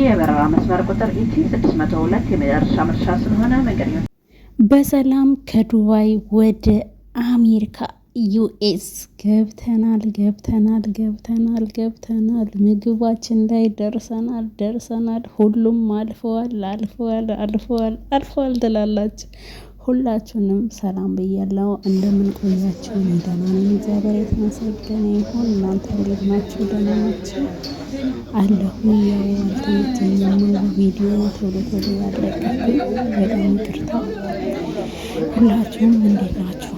ይህ የበረራ መስመር ቁጥር ኢቲ 602 የመጨረሻ መድረሻ ስለሆነ መንገድ በሰላም ከዱባይ ወደ አሜሪካ ዩኤስ ገብተናል ገብተናል ገብተናል ገብተናል። ምግባችን ላይ ደርሰናል ደርሰናል። ሁሉም አልፈዋል አልፈዋል አልፈዋል አልፈዋል ትላላችሁ። ሁላችሁንም ሰላም ብያለሁ። እንደምን ቆያችሁ? እኔ ደህና ነኝ፣ እግዚአብሔር የተመሰገነ ይሁን። እናንተ እንዴት ናችሁ? ደህና ናችሁ? አለሁ ያው ያልተመቸኝም ቪዲዮ ቶሎ ቶሎ ያለቀብኝ በጣም ይቅርታ። ሁላችሁም እንዴት ናችሁ?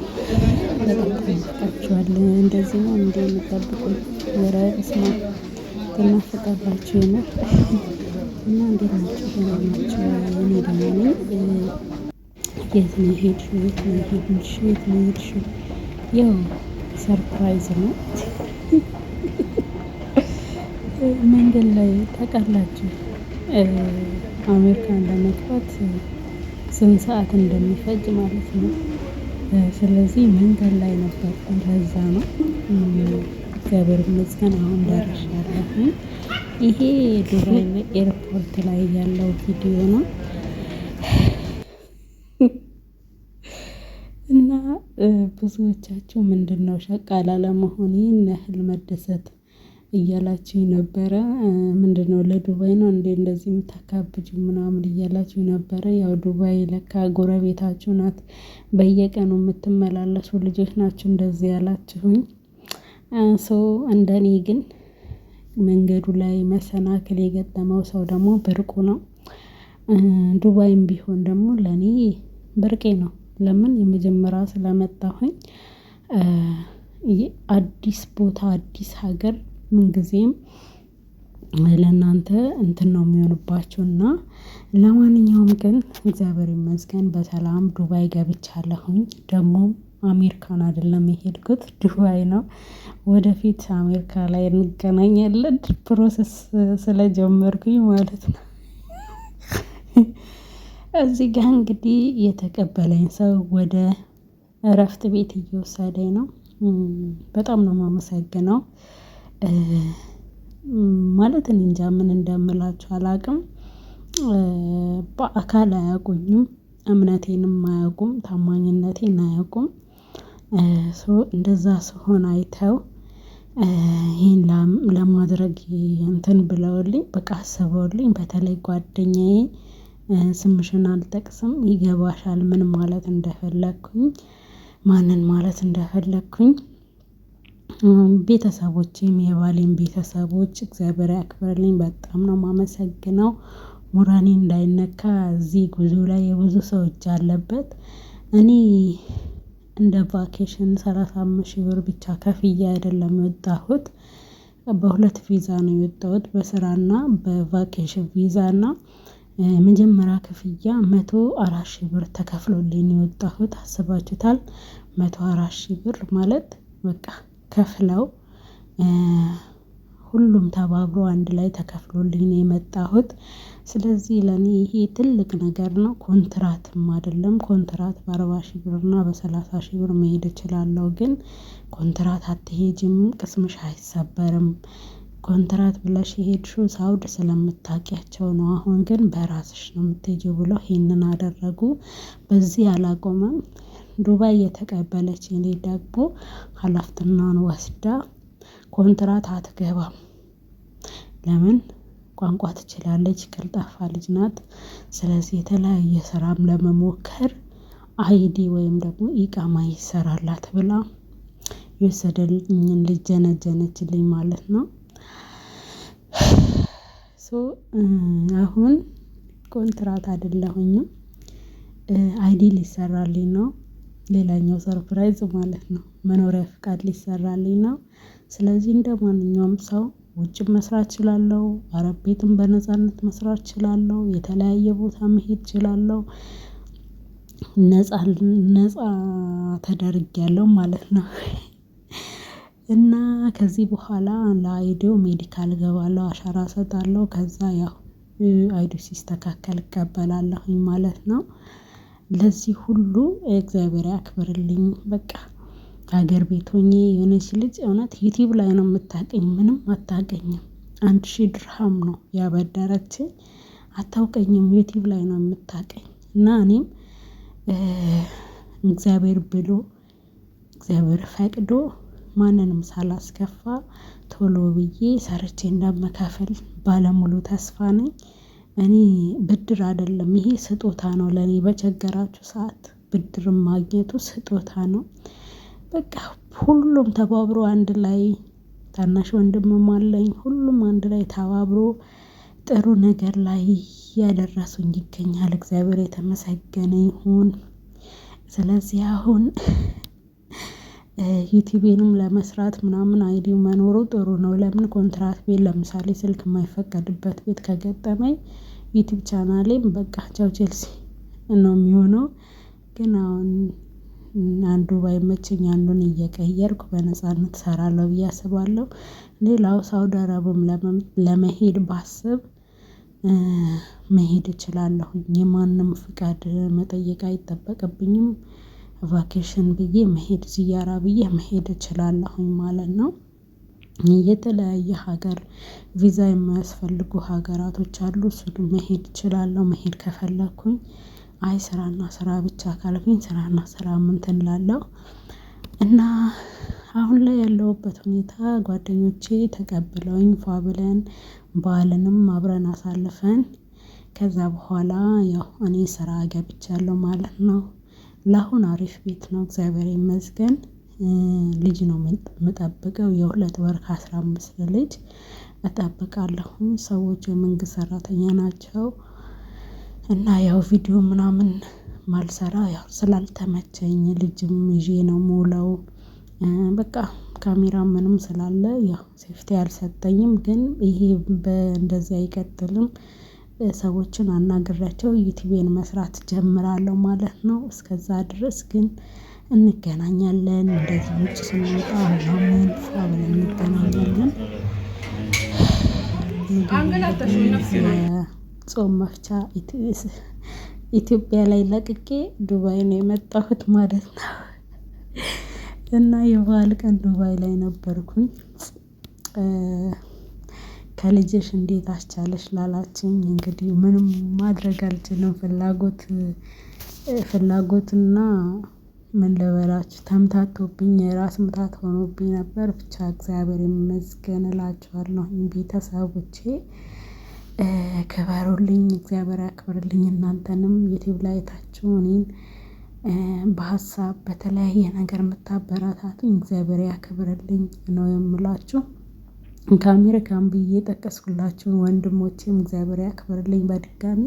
በጣም ተናፍቃችኋል። እንደዚህ ነው እንደ የሚጠብቁኝ? ወረ ስማ ተናፍቃላችሁ ነው እና እንዴት ናችሁ? ደህና ናችሁ? እኔ ደህና ነኝ። የት ነው የሄድሽው? የት ነው የሄድሽው? የት ነው የሄድሽው? ያው ሰርፕራይዝ ነው። መንገድ ላይ ታውቃላችሁ፣ አሜሪካን ለመግባት ስንት ሰዓት እንደሚፈጅ ማለት ነው። ስለዚህ መንገድ ላይ ነበር። ለዛ ነው እግዚአብሔር ይመስገን አሁን ደርሻለሁ። ይሄ ዱባይ ኤርፖርት ላይ ያለው ቪዲዮ ነው። እና ብዙዎቻቸው ምንድን ነው ሸቃላ ለመሆን ይህን ያህል መደሰት እያላቸው ነበረ። ምንድን ነው ለዱባይ ነው እንዴ እንደዚህ የምታካብጅ ምናምን እያላችሁኝ ነበረ። ያው ዱባይ ለካ ጎረቤታችሁ ናት፣ በየቀኑ የምትመላለሱ ልጆች ናችሁ እንደዚህ ያላችሁኝ። ሶ እንደኔ ግን መንገዱ ላይ መሰናክል የገጠመው ሰው ደግሞ ብርቁ ነው። ዱባይም ቢሆን ደግሞ ለኔ ብርቄ ነው ለምን የመጀመሪያ ስለመጣሁኝ አዲስ ቦታ አዲስ ሀገር ምንጊዜም ለእናንተ እንትን ነው የሚሆንባቸው እና ለማንኛውም ግን እግዚአብሔር ይመስገን በሰላም ዱባይ ገብቻለሁኝ ደግሞ አሜሪካን አይደለም የሄድኩት ዱባይ ነው። ወደፊት አሜሪካ ላይ እንገናኛለን ፕሮሰስ ስለጀመርኩኝ ማለት ነው። እዚህ ጋር እንግዲህ የተቀበለኝ ሰው ወደ እረፍት ቤት እየወሰደኝ ነው። በጣም ነው የማመሰግነው። ማለት እንጃ ምን እንደምላችሁ አላቅም። በአካል አያውቁኝም እምነቴንም አያውቁም ታማኝነቴን አያውቁም። እንደዛ ስሆን አይተው ይህን ለማድረግ እንትን ብለውልኝ በቃ አስበውልኝ በተለይ ጓደኛዬ ስምሽን አልጠቅስም ይገባሻል ምን ማለት እንደፈለግኩኝ ማንን ማለት እንደፈለግኩኝ ቤተሰቦቼም የባሌን ቤተሰቦች እግዚአብሔር ያክብርልኝ በጣም ነው ማመሰግነው ሙራኔ እንዳይነካ እዚህ ጉዞ ላይ የብዙ ሰው እጅ አለበት። እኔ እንደ ቫኬሽን ሰላሳ አምስት ሺህ ብር ብቻ ከፍዬ አይደለም የወጣሁት። በሁለት ቪዛ ነው የወጣሁት በስራና በቫኬሽን ቪዛ እና መጀመሪያ ክፍያ መቶ አራት ሺህ ብር ተከፍሎልኝ የወጣሁት አስባችሁታል መቶ አራት ሺህ ብር ማለት በቃ ከፍለው ሁሉም ተባብሮ አንድ ላይ ተከፍሎልኝ የመጣሁት። ስለዚህ ለኔ ይሄ ትልቅ ነገር ነው ኮንትራትም አይደለም ኮንትራት በአርባ ሺህ ብር እና በሰላሳ ሺህ ብር መሄድ እችላለሁ ግን ኮንትራት አትሄጅም ቅስምሽ አይሰበርም ኮንትራት ብለሽ የሄድሽው ሳውድ ስለምታውቂያቸው ነው አሁን ግን በራስሽ ነው የምትሄጂው ብለው ይሄንን አደረጉ። በዚህ አላቆመም። ዱባይ የተቀበለች እኔ ደግሞ ሀላፍትናን ወስዳ ኮንትራት አትገባም። ለምን ቋንቋ ትችላለች ቀልጣፋ ልጅ ናት። ስለዚህ የተለያየ ስራም ለመሞከር አይዲ ወይም ደግሞ ኢቃማ ይሰራላት ብላ የወሰደልኝን ልጅ ጀነጀነችልኝ ማለት ነው አሁን ኮንትራት አይደለሁኝም አይዲ ሊሰራልኝ ነው። ሌላኛው ሰርፕራይዝ ማለት ነው መኖሪያ ፍቃድ ሊሰራልኝ ነው። ስለዚህ እንደ ማንኛውም ሰው ውጭም መስራት እችላለሁ አረብ ቤትም በነጻነት መስራት እችላለሁ የተለያየ ቦታ መሄድ እችላለሁ። ነፃ ነፃ ማለት ነው እና ከዚህ በኋላ ለአይዲዮ ሜዲካል እገባለሁ አሻራ እሰጣለሁ ከዛ ያው አይዲዮ ሲስተካከል እቀበላለሁኝ ማለት ነው። ለዚህ ሁሉ እግዚአብሔር ያክብርልኝ በቃ ሀገር ቤት ሆኜ የሆነች ልጅ እውነት ዩቲብ ላይ ነው የምታቀኝ ምንም አታቀኝም አንድ ሺህ ድርሃም ነው ያበደረችኝ አታውቀኝም ዩቲብ ላይ ነው የምታቀኝ እና እኔም እግዚአብሔር ብሎ እግዚአብሔር ፈቅዶ ማንንም ሳላስከፋ ቶሎ ብዬ ሰርቼ እንደምከፍል ባለሙሉ ተስፋ ነኝ። እኔ ብድር አይደለም ይሄ ስጦታ ነው ለኔ በቸገራችሁ ሰዓት ብድር ማግኘቱ ስጦታ ነው። በቃ ሁሉም ተባብሮ አንድ ላይ ታናሽ ወንድምም አለኝ ሁሉም አንድ ላይ ተባብሮ ጥሩ ነገር ላይ ያደረሱኝ ይገኛል እግዚአብሔር የተመሰገነ ይሁን። ስለዚህ አሁን ዩቲዩቤንም ለመስራት ምናምን አይዲ መኖሩ ጥሩ ነው። ለምን ኮንትራት ቤት ለምሳሌ ስልክ የማይፈቀድበት ቤት ከገጠመኝ ዩቲብ ቻናሌም በቃ ቻው ቼልሲ ነው የሚሆነው። ግን አሁን አንዱ ባይመቸኝ አንዱን እየቀየርኩ በነጻነት እሰራለሁ ብዬ አስባለሁ። ሌላው ሳውዲ አረብም ለመሄድ ባስብ መሄድ እችላለሁኝ የማንም ፍቃድ መጠየቅ አይጠበቅብኝም ቫኬሽን ብዬ መሄድ ዝያራ ብዬ መሄድ እችላለሁኝ ማለት ነው። የተለያየ ሀገር ቪዛ የማያስፈልጉ ሀገራቶች አሉ እሱንም መሄድ እችላለሁ መሄድ ከፈለግኩኝ። አይ ስራና ስራ ብቻ ካልኩኝ ስራና ስራ እንትን እና አሁን ላይ ያለውበት ሁኔታ ጓደኞቼ ተቀብለውኝ ፏ ብለን በዓልንም አብረን አሳልፈን ከዛ በኋላ ያው እኔ ስራ ገብቻለሁ ማለት ነው ለአሁን አሪፍ ቤት ነው እግዚአብሔር ይመስገን። ልጅ ነው የምጠብቀው የሁለት ወር ከአስራ አምስት ልጅ እጠብቃለሁ ሰዎች የመንግስት ሰራተኛ ናቸው። እና ያው ቪዲዮ ምናምን ማልሰራ ያው ስላልተመቸኝ ልጅም ይዤ ነው ሞላው በቃ ካሜራ ምንም ስላለ ያው ሴፍቲ አልሰጠኝም ግን ይሄ በእንደዚህ አይቀጥልም። ሰዎችን አናግሬያቸው ዩቲቤን መስራት ጀምራለሁ ማለት ነው። እስከዛ ድረስ ግን እንገናኛለን እንደዚህ ውጭ ስንወጣ ምናምን አብረን እንገናኛለን። ጾም መፍቻ ኢትዮጵያ ላይ ለቅቄ ዱባይ ነው የመጣሁት ማለት ነው። እና የበአል ቀን ዱባይ ላይ ነበርኩኝ። ከልጅሽ እንዴት አስቻለሽ ላላችኝ እንግዲህ ምንም ማድረግ አልችልም። ፍላጎት ፍላጎትና ምን ልበላችሁ ተምታቶብኝ የራስ ምታት ሆኖብኝ ነበር ብቻ እግዚአብሔር ይመስገን እላችኋለሁኝ። ቤተሰቦቼ ክበሩልኝ እግዚአብሔር ያክብርልኝ እናንተንም ዩቲብ ላይ አይታችሁ እኔን በሀሳብ በተለያየ ነገር የምታበረታቱኝ እግዚአብሔር ያክብርልኝ ነው የምላችሁ ከአሜሪካን ብዬ የጠቀስኩላችሁን ወንድሞቼም እግዚአብሔር ያክብርልኝ። በድጋሚ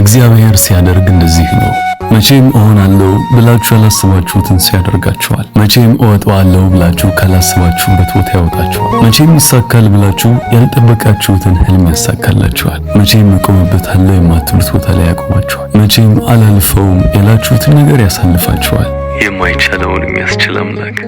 እግዚአብሔር ሲያደርግ እንደዚህ ነው። መቼም እሆናለሁ ብላችሁ ያላስባችሁትን ሲያደርጋችኋል። መቼም እወጣዋለሁ ብላችሁ ካላስባችሁበት ቦታ ያወጣችኋል። መቼም ይሳካል ብላችሁ ያልጠበቃችሁትን ህልም ያሳካላችኋል። መቼም እቆምበታለሁ የማትሉት ቦታ ላይ ያቆማችኋል። መቼም አላልፈውም ያላችሁትን ነገር ያሳልፋችኋል። የማይቻለውን የሚያስችል አምላክ